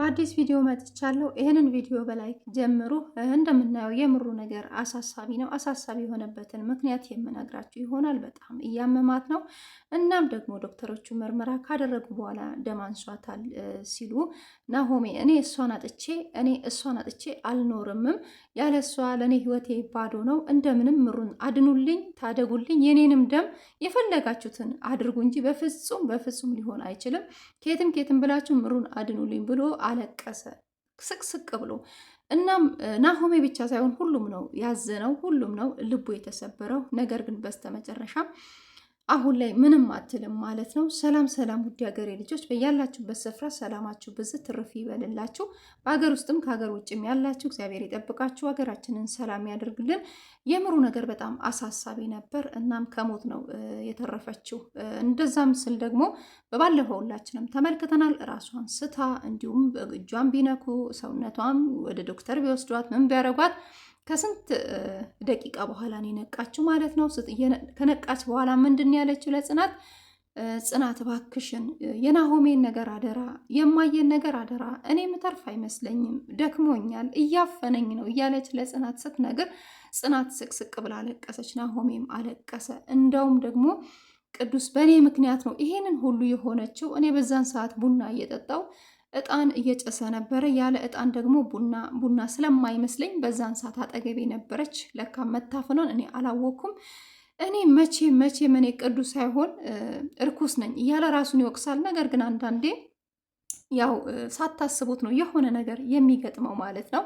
በአዲስ ቪዲዮ መጥቻለሁ። ይህንን ቪዲዮ በላይክ ጀምሩ። እንደምናየው የምሩ ነገር አሳሳቢ ነው። አሳሳቢ የሆነበትን ምክንያት የምነግራችሁ ይሆናል። በጣም እያመማት ነው። እናም ደግሞ ዶክተሮቹ ምርመራ ካደረጉ በኋላ ደም አንሷታል ሲሉ ናሆሜ እኔ እሷን አጥቼ እኔ እሷን አጥቼ አልኖርምም። ያለ እሷ ለእኔ ህይወቴ ባዶ ነው። እንደምንም ምሩን አድኑልኝ፣ ታደጉልኝ። የኔንም ደም የፈለጋችሁትን አድርጉ እንጂ በፍጹም በፍጹም ሊሆን አይችልም። ኬትም ኬትም ብላችሁ ምሩን አድኑልኝ ብሎ አለቀሰ ስቅስቅ ብሎ። እናም ናሆሜ ብቻ ሳይሆን ሁሉም ነው ያዘነው፣ ሁሉም ነው ልቡ የተሰበረው። ነገር ግን በስተመጨረሻም። አሁን ላይ ምንም አትልም ማለት ነው። ሰላም ሰላም፣ ውድ ሀገሬ ልጆች በያላችሁበት ስፍራ ሰላማችሁ ብዝ ትርፍ ይበልላችሁ። በሀገር ውስጥም ከሀገር ውጭም ያላችሁ እግዚአብሔር ይጠብቃችሁ፣ ሀገራችንን ሰላም ያደርግልን። የምሩ ነገር በጣም አሳሳቢ ነበር። እናም ከሞት ነው የተረፈችው። እንደዛም ስል ደግሞ በባለፈው ሁላችንም ተመልክተናል። ራሷን ስታ እንዲሁም እጇን ቢነኩ ሰውነቷም ወደ ዶክተር ቢወስዷት ምን ቢያደርጓት ከስንት ደቂቃ በኋላ ነው የነቃችው ማለት ነው። ከነቃች በኋላ ምንድን ያለችው ለጽናት ጽናት እባክሽን የናሆሜን ነገር አደራ፣ የማየን ነገር አደራ፣ እኔ ምተርፍ አይመስለኝም፣ ደክሞኛል፣ እያፈነኝ ነው እያለች ለጽናት ስትነግር ጽናት ስቅስቅ ብላ አለቀሰች። ናሆሜም አለቀሰ። እንደውም ደግሞ ቅዱስ በእኔ ምክንያት ነው ይሄንን ሁሉ የሆነችው፣ እኔ በዛን ሰዓት ቡና እየጠጣው እጣን እየጨሰ ነበረ። ያለ እጣን ደግሞ ቡና ቡና ስለማይመስለኝ በዛን ሰዓት አጠገቤ ነበረች። ለካ መታፈኗን እኔ አላወኩም። እኔ መቼ መቼ እኔ ቅዱስ ሳይሆን እርኩስ ነኝ እያለ ራሱን ይወቅሳል። ነገር ግን አንዳንዴ ያው ሳታስቡት ነው የሆነ ነገር የሚገጥመው ማለት ነው።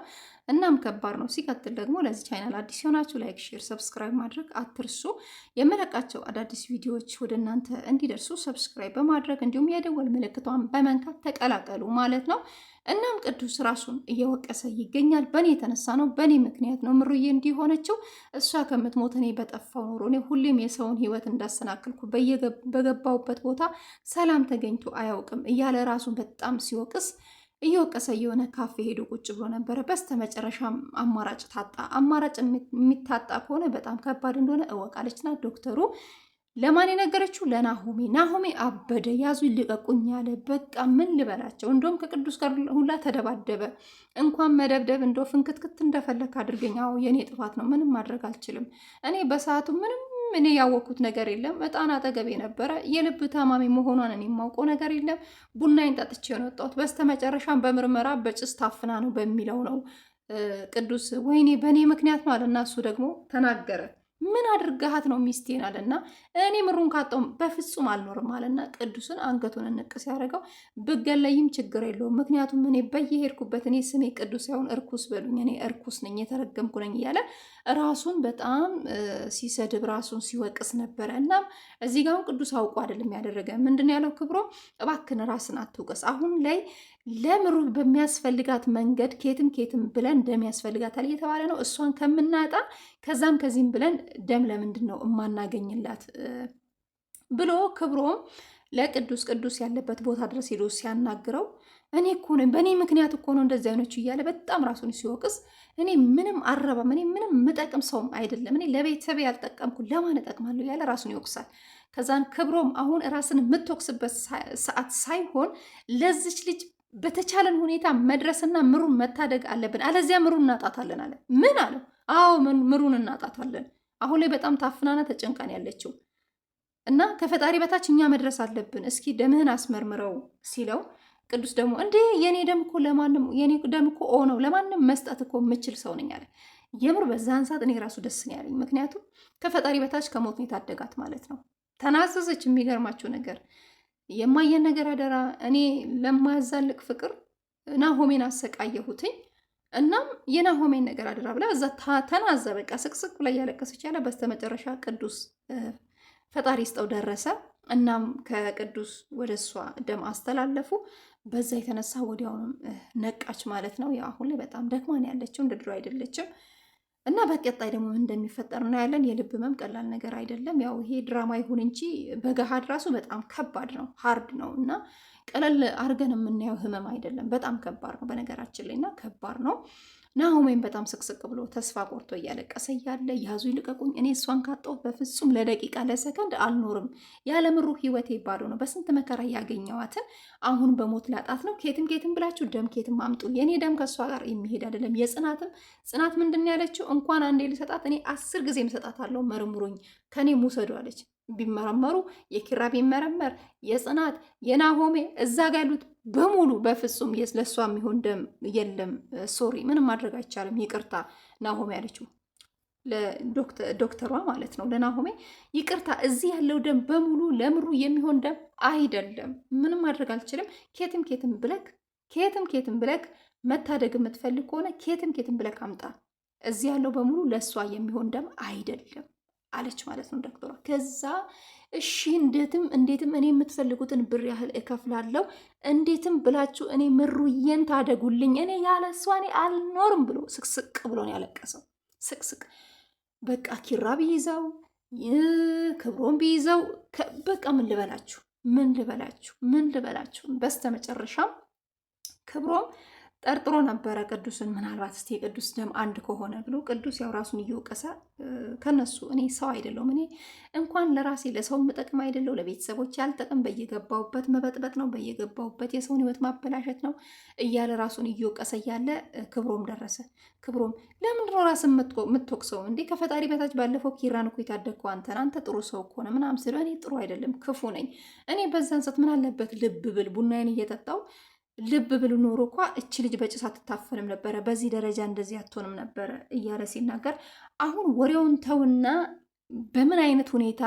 እናም ከባድ ነው። ሲቀጥል ደግሞ ለዚህ ቻይናል አዲስ የሆናችሁ ላይክ፣ ሼር፣ ሰብስክራይብ ማድረግ አትርሱ። የመለቃቸው አዳዲስ ቪዲዮዎች ወደ እናንተ እንዲደርሱ ሰብስክራይብ በማድረግ እንዲሁም የደወል ምልክቷን በመንካት ተቀላቀሉ ማለት ነው። እናም ቅዱስ ራሱን እየወቀሰ ይገኛል። በእኔ የተነሳ ነው፣ በእኔ ምክንያት ነው ምሩዬ እንዲሆነችው። እሷ ከምትሞት እኔ በጠፋው ኖሮ እኔ ሁሌም የሰውን ህይወት እንዳሰናክልኩ በገባውበት ቦታ ሰላም ተገኝቶ አያውቅም እያለ ራሱን በጣም ሲወቅስ እየወቀሰ እየሆነ ካፌ ሄዶ ቁጭ ብሎ ነበረ። በስተ መጨረሻም አማራጭ ታጣ። አማራጭ የሚታጣ ከሆነ በጣም ከባድ እንደሆነ እወቃለችና ዶክተሩ ለማን የነገረችው? ለናሆሜ። ናሆሜ አበደ። ያዙ ይልቀቁኝ አለ። በቃ ምን ልበላቸው? እንደውም ከቅዱስ ጋር ሁላ ተደባደበ። እንኳን መደብደብ እንደው ፍንክትክት እንደፈለክ አድርገኝ። አዎ የእኔ ጥፋት ነው፣ ምንም ማድረግ አልችልም። እኔ በሰዓቱ ምንም እኔ ያወቅኩት ነገር የለም። እጣን አጠገቤ ነበረ። የልብ ታማሚ መሆኗን እኔ የማውቀው ነገር የለም። ቡናዬን ጠጥቼ ነው የወጣሁት። በስተመጨረሻም በምርመራ በጭስ ታፍና ነው በሚለው ነው ቅዱስ። ወይኔ በእኔ ምክንያት ነው እና እሱ ደግሞ ተናገረ ምን አድርገሃት ነው ሚስቴን አለና እኔ ምሩን ካጣውም በፍጹም አልኖርም አለና ቅዱስን አንገቱን እንቅ ያደረገው ብገለይም ችግር የለውም ምክንያቱም እኔ በየሄድኩበት እኔ ስሜ ቅዱስ ሳይሆን እርኩስ በሉኝ እኔ እርኩስ ነኝ የተረገምኩ ነኝ እያለ ራሱን በጣም ሲሰድብ ራሱን ሲወቅስ ነበረ እና እዚህ ጋውን ቅዱስ አውቆ አይደለም ያደረገ ምንድን ያለው ክብሮ እባክን ራስን አትውቀስ አሁን ላይ ለምሩ በሚያስፈልጋት መንገድ ኬትም ኬትም ብለን እንደሚያስፈልጋታል እየተባለ ነው እሷን ከምናጣ ከዛም ከዚህም ብለን ደም ለምንድን ነው እማናገኝላት ብሎ ክብሮም ለቅዱስ ቅዱስ ያለበት ቦታ ድረስ ሄዶ ሲያናግረው እኔ እኮ ነኝ በእኔ ምክንያት እኮ ነው እንደዚህ አይኖች እያለ በጣም ራሱን ሲወቅስ፣ እኔ ምንም አረባም፣ እኔ ምንም ምጠቅም ሰውም አይደለም፣ እኔ ለቤተሰብ ያልጠቀምኩ ለማን እጠቅማለሁ እያለ ራሱን ይወቅሳል። ከዛን ክብሮም አሁን ራስን የምትወቅስበት ሰዓት ሳይሆን ለዚች ልጅ በተቻለን ሁኔታ መድረስና ምሩን መታደግ አለብን፣ አለዚያ ምሩን እናጣታለን አለ። ምን አለው አዎ ምሩን እናጣታለን። አሁን ላይ በጣም ታፍናና ተጨንቃን ያለችው እና ከፈጣሪ በታች እኛ መድረስ አለብን። እስኪ ደምህን አስመርምረው ሲለው ቅዱስ ደግሞ እንዴ የኔ ደም እኮ ለማንም የኔ ደም እኮ ኦ ነው ለማንም መስጠት እኮ የምችል ሰው ነኝ አለ። የምር በዛን ሰዓት እኔ ራሱ ደስ ነው ያለኝ። ምክንያቱም ከፈጣሪ በታች ከሞት ነው የታደጋት ማለት ነው። ተናዘዘች። የሚገርማቸው ነገር የማየን ነገር አደራ እኔ ለማያዛልቅ ፍቅር ናሆሜን አሰቃየሁትኝ እናም የናሆሜን ነገር አድራ ብላ እዛ ተናዘ በቃ ስቅስቅ ብላ እያለቀሰች ያለ በስተመጨረሻ ቅዱስ ፈጣሪ ስጠው ደረሰ። እናም ከቅዱስ ወደ እሷ ደም አስተላለፉ። በዛ የተነሳ ወዲያውኑም ነቃች ማለት ነው። ያው አሁን ላይ በጣም ደክማን ያለችው፣ እንደ ድሮ አይደለችም። እና በቀጣይ ደግሞ ምን እንደሚፈጠር እናያለን። የልብ ህመም ቀላል ነገር አይደለም። ያው ይሄ ድራማ ይሁን እንጂ በገሃድ ራሱ በጣም ከባድ ነው፣ ሀርድ ነው እና ቀለል አድርገን የምናየው ህመም አይደለም። በጣም ከባድ ነው በነገራችን ላይ እና ከባድ ነው። ናሆሜን በጣም ስቅስቅ ብሎ ተስፋ ቆርቶ እያለቀሰ እያለ ያዙ ይልቀቁኝ፣ እኔ እሷን ካጣሁ በፍጹም ለደቂቃ ለሰከንድ አልኖርም፣ ያለምሩ ህይወቴ ባዶ ነው። በስንት መከራ ያገኘዋትን አሁን በሞት ላጣት ነው። ኬትም ኬትም ብላችሁ ደም ኬትም አምጡ፣ የእኔ ደም ከእሷ ጋር የሚሄድ አይደለም። የጽናትም ጽናት ምንድን ያለችው እንኳን አንዴ ልሰጣት እኔ አስር ጊዜም ሰጣታለሁ፣ መርምሩኝ፣ ከእኔ ውሰዱ አለች። ቢመረመሩ የኪራ ቢመረመር የጽናት የናሆሜ እዛ ጋ ያሉት በሙሉ በፍጹም ለእሷ የሚሆን ደም የለም። ሶሪ ምንም ማድረግ አይቻልም። ይቅርታ ናሆሜ አለችው ለዶክተሯ ማለት ነው ለናሆሜ ይቅርታ፣ እዚህ ያለው ደም በሙሉ ለምሩ የሚሆን ደም አይደለም። ምንም ማድረግ አልችልም። ኬትም ኬትም ብለክ ኬትም ኬትም ብለክ መታደግ የምትፈልግ ከሆነ ኬትም ኬትም ብለክ አምጣ። እዚህ ያለው በሙሉ ለእሷ የሚሆን ደም አይደለም። አለች ማለት ነው ዶክተሯ። ከዛ እሺ እንዴትም እንዴትም እኔ የምትፈልጉትን ብር ያህል እከፍላለሁ እንዴትም ብላችሁ እኔ ምሩዬን ታደጉልኝ፣ እኔ ያለ እሷ እኔ አልኖርም ብሎ ስቅስቅ ብሎን ያለቀሰው። ስቅስቅ በቃ ኪራ ቢይዘው ክብሮን ቢይዘው በቃ ምን ልበላችሁ ምን ልበላችሁ ምን ልበላችሁ። መጨረሻም ክብሮም ጠርጥሮ ነበረ ቅዱስን ምናልባት እስቲ ቅዱስ ደም አንድ ከሆነ ብሎ ቅዱስ ያው ራሱን እየወቀሰ ከነሱ እኔ ሰው አይደለውም፣ እኔ እንኳን ለራሴ ለሰው ምጠቅም አይደለው ለቤተሰቦች ያልጠቅም በየገባውበት መበጥበጥ ነው በየገባውበት የሰውን ህይወት ማበላሸት ነው እያለ ራሱን እየወቀሰ እያለ ክብሮም ደረሰ ክብሮም ለምንድነው ራስን የምትወቅሰው እንዴ ከፈጣሪ በታች ባለፈው ኪራን እኮ የታደግከው አንተን አንተ ጥሩ ሰው ከሆነ ምናምን እኔ ጥሩ አይደለም ክፉ ነኝ እኔ በዛን ሰት ምን አለበት ልብ ብል ቡናዬን እየጠጣው ልብ ብሉ ኖሮ እኳ እች ልጅ በጭስ አትታፈንም ነበረ፣ በዚህ ደረጃ እንደዚህ አትሆንም ነበረ እያለ ሲናገር፣ አሁን ወሬውን ተውና በምን አይነት ሁኔታ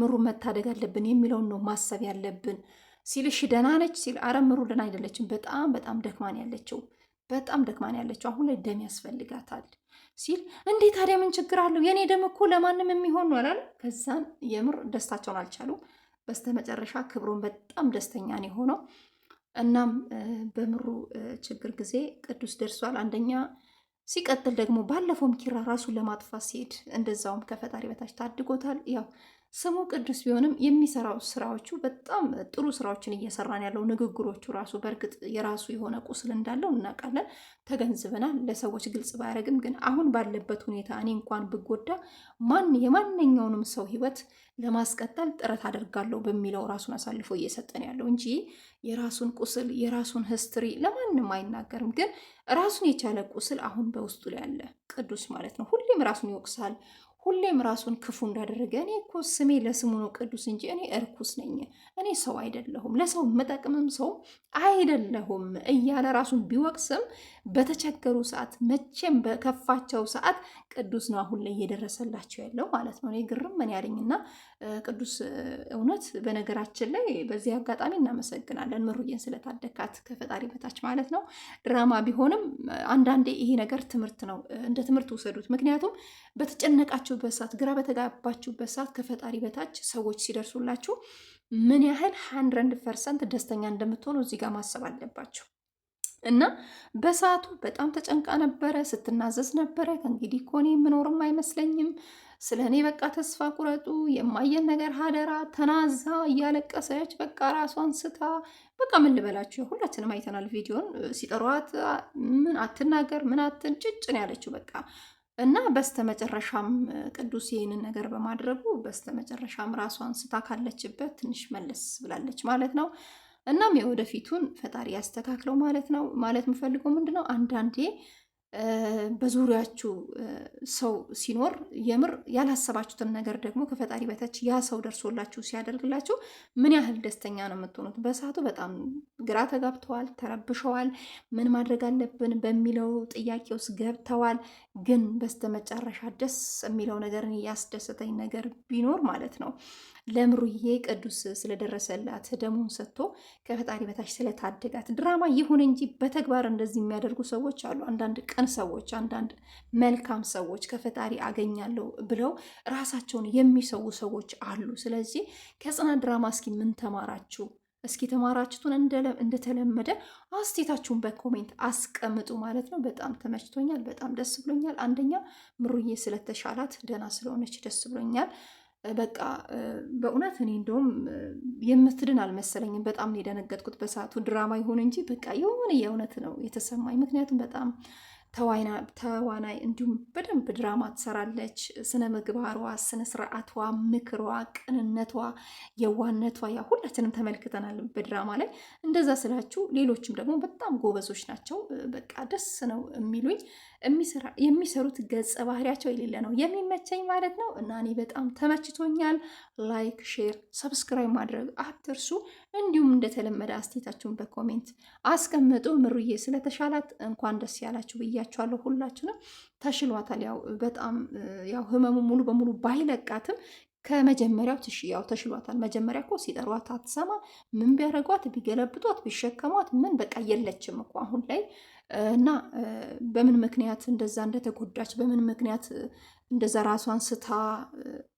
ምሩ መታደግ አለብን የሚለውን ነው ማሰብ ያለብን ሲልሽ እሺ ደህና ነች ሲል፣ አረ ምሩ ደህና አይደለችም፣ በጣም በጣም ደክማን ያለችው በጣም ደክማን ያለችው አሁን ላይ ደም ያስፈልጋታል ሲል፣ እንዴ ታዲያ ምን ችግር አለው? የእኔ ደም እኮ ለማንም የሚሆን ነው ከዛን የምር ደስታቸውን አልቻሉ። በስተመጨረሻ ክብሮን በጣም ደስተኛ ነው የሆነው። እናም በምሩ ችግር ጊዜ ቅዱስ ደርሷል። አንደኛ ሲቀጥል ደግሞ ባለፈውም ኪራ ራሱን ለማጥፋት ሲሄድ እንደዛውም ከፈጣሪ በታች ታድጎታል። ያው ስሙ ቅዱስ ቢሆንም የሚሰራው ስራዎቹ በጣም ጥሩ ስራዎችን እየሰራን ያለው ንግግሮቹ ራሱ በእርግጥ የራሱ የሆነ ቁስል እንዳለው እናውቃለን፣ ተገንዝበናል። ለሰዎች ግልጽ ባያደርግም ግን አሁን ባለበት ሁኔታ እኔ እንኳን ብጎዳ ማን የማንኛውንም ሰው ህይወት ለማስቀጠል ጥረት አደርጋለሁ በሚለው ራሱን አሳልፎ እየሰጠን ያለው እንጂ የራሱን ቁስል የራሱን ህስትሪ ለማንም አይናገርም። ግን ራሱን የቻለ ቁስል አሁን በውስጡ ላይ ያለ ቅዱስ ማለት ነው። ሁሌም ራሱን ይወቅሳል። ሁሌም ራሱን ክፉ እንዳደረገ እኔ እኮ ስሜ ለስሙ ነው ቅዱስ እንጂ እኔ እርኩስ ነኝ፣ እኔ ሰው አይደለሁም፣ ለሰው መጠቅምም ሰው አይደለሁም እያለ ራሱን ቢወቅስም በተቸገሩ ሰዓት መቼም በከፋቸው ሰዓት ቅዱስ ነው አሁን ላይ እየደረሰላቸው ያለው ማለት ነው። እኔ ግርም ምን ያለኝና ቅዱስ እውነት በነገራችን ላይ በዚህ አጋጣሚ እናመሰግናለን ምሩዬን ስለታደካት ከፈጣሪ በታች ማለት ነው። ድራማ ቢሆንም አንዳንዴ ይሄ ነገር ትምህርት ነው፣ እንደ ትምህርት ውሰዱት። ምክንያቱም በተጨነቃችሁበት ሰዓት፣ ግራ በተጋባችሁበት ሰዓት ከፈጣሪ በታች ሰዎች ሲደርሱላችሁ ምን ያህል ሀንድረንድ ፐርሰንት ደስተኛ እንደምትሆኑ እዚህ ጋር ማሰብ አለባቸው። እና በሰዓቱ በጣም ተጨንቃ ነበረ፣ ስትናዘዝ ነበረ። ከእንግዲህ እኮ እኔ የምኖርም አይመስለኝም ስለ እኔ በቃ ተስፋ ቁረጡ፣ የማየን ነገር ሀደራ ተናዛ እያለቀሰች በቃ ራሷን ስታ በቃ ምን ልበላችሁ፣ ሁላችንም አይተናል ቪዲዮን። ሲጠሯት ምን አትናገር ምን አትን ጭጭን ያለችው በቃ እና በስተመጨረሻም ቅዱስ ይህንን ነገር በማድረጉ በስተመጨረሻም ራሷን ስታ ካለችበት ትንሽ መለስ ብላለች ማለት ነው። እናም የወደፊቱን ፈጣሪ ያስተካክለው ማለት ነው። ማለት የምፈልገው ምንድነው አንዳንዴ በዙሪያችሁ ሰው ሲኖር የምር ያላሰባችሁትን ነገር ደግሞ ከፈጣሪ በታች ያ ሰው ደርሶላችሁ ሲያደርግላችሁ ምን ያህል ደስተኛ ነው የምትሆኑት? በሰዓቱ በጣም ግራ ተጋብተዋል፣ ተረብሸዋል፣ ምን ማድረግ አለብን በሚለው ጥያቄ ውስጥ ገብተዋል። ግን በስተመጨረሻ ደስ የሚለው ነገርን ያስደሰተኝ ነገር ቢኖር ማለት ነው ለምሩዬ ቅዱስ ስለደረሰላት ደሙን ሰጥቶ ከፈጣሪ በታች ስለታደጋት ድራማ ይሁን እንጂ በተግባር እንደዚህ የሚያደርጉ ሰዎች አሉ። አንዳንድ ቀን ሰዎች፣ አንዳንድ መልካም ሰዎች ከፈጣሪ አገኛለሁ ብለው ራሳቸውን የሚሰው ሰዎች አሉ። ስለዚህ ከጽናት ድራማ እስኪ ምን ተማራችሁ? እስኪ ተማራችሁትን እንደተለመደ አስቴታችሁን በኮሜንት አስቀምጡ ማለት ነው። በጣም ተመችቶኛል። በጣም ደስ ብሎኛል። አንደኛ ምሩዬ ስለተሻላት ደህና ስለሆነች ደስ ብሎኛል። በቃ በእውነት እኔ እንደውም የምትድን አልመሰለኝም። በጣም ነው የደነገጥኩት በሰዓቱ። ድራማ ይሆን እንጂ በቃ የሆነ የእውነት ነው የተሰማኝ። ምክንያቱም በጣም ተዋናይ እንዲሁም በደንብ ድራማ ትሰራለች። ስነ ምግባሯ፣ ስነ ስርዓቷ፣ ምክሯ፣ ቅንነቷ፣ የዋነቷ ያ ሁላችንም ተመልክተናል በድራማ ላይ። እንደዛ ስላችሁ ሌሎችም ደግሞ በጣም ጎበዞች ናቸው። በቃ ደስ ነው የሚሉኝ የሚሰሩት ገጸ ባህሪያቸው የሌለ ነው። የሚመቸኝ ማለት ነው እና እኔ በጣም ተመችቶኛል። ላይክ፣ ሼር፣ ሰብስክራይብ ማድረግ አትርሱ። እንዲሁም እንደተለመደ አስቴታችሁን በኮሜንት አስቀምጡ። ምሩዬ ስለተሻላት እንኳን ደስ ያላችሁ ብያችኋለሁ። ሁላችሁንም ተሽሏታል። ያው በጣም ያው ህመሙ ሙሉ በሙሉ ባይለቃትም ከመጀመሪያው ትሽ ያው ተሽሏታል። መጀመሪያ እኮ ሲጠሯት አትሰማ ምን ቢያደርጓት ቢገለብጧት ቢሸከሟት ምን በቃ የለችም እኮ አሁን ላይ እና በምን ምክንያት እንደዛ እንደተጎዳች በምን ምክንያት እንደዛ ራሷን ስታ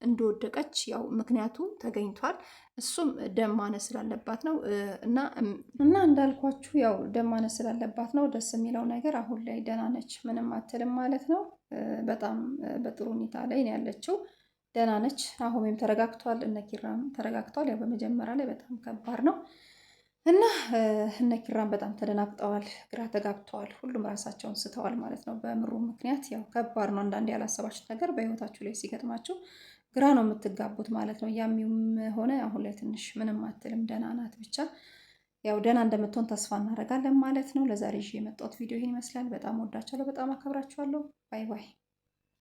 እንደወደቀች ያው ምክንያቱ ተገኝቷል። እሱም ደም ማነስ ስላለባት ነው እና እና እንዳልኳችሁ ያው ደም ማነስ ስላለባት ነው። ደስ የሚለው ነገር አሁን ላይ ደህና ነች፣ ምንም አትልም ማለት ነው። በጣም በጥሩ ሁኔታ ላይ ነው ያለችው፣ ደህና ነች። አሁንም ተረጋግቷል፣ እነ ኪራም ተረጋግቷል። ያው በመጀመሪያ ላይ በጣም ከባድ ነው እና እነ ኪራን በጣም ተደናግጠዋል፣ ግራ ተጋብተዋል። ሁሉም ራሳቸውን ስተዋል ማለት ነው በምሩ ምክንያት። ያው ከባድ ነው አንዳንድ ያላሰባችሁት ነገር በህይወታችሁ ላይ ሲገጥማችሁ ግራ ነው የምትጋቡት ማለት ነው። ያሚውም ሆነ አሁን ላይ ትንሽ ምንም አትልም፣ ደህና ናት። ብቻ ያው ደህና እንደምትሆን ተስፋ እናደርጋለን ማለት ነው። ለዛሬ ይዤ የመጣሁት ቪዲዮ ይህን ይመስላል። በጣም ወዳችኋለሁ፣ በጣም አከብራችኋለሁ። ባይ ባይ።